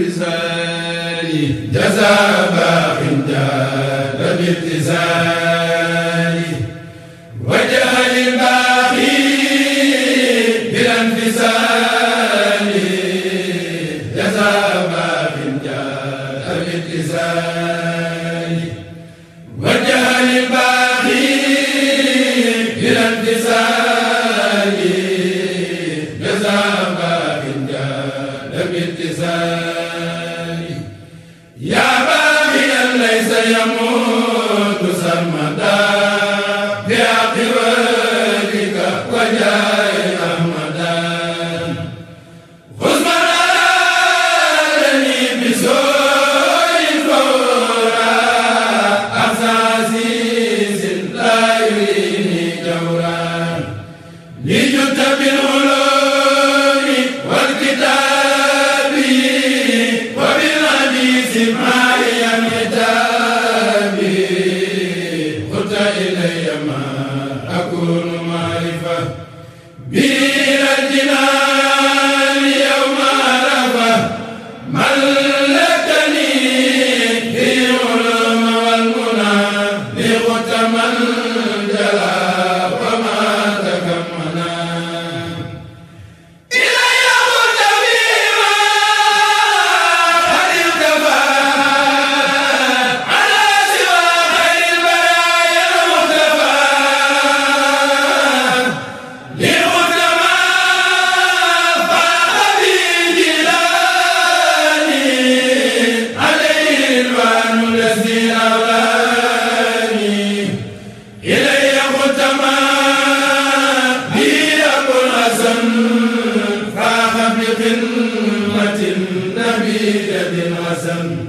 الانفصال جزاء باق جاد بالاتزان bi rabbina زيد بما زم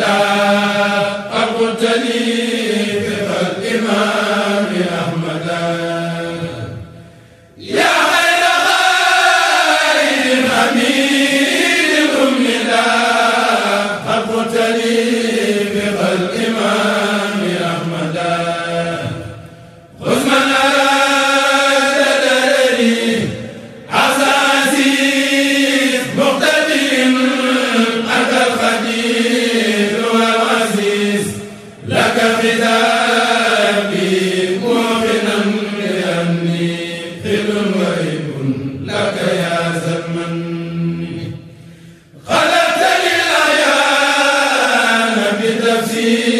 daa see.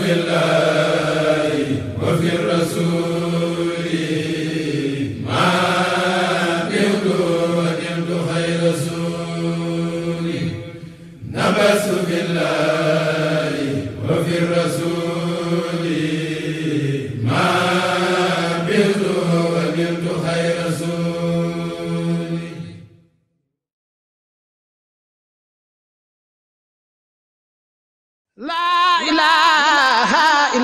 fi llahi wa fi rasul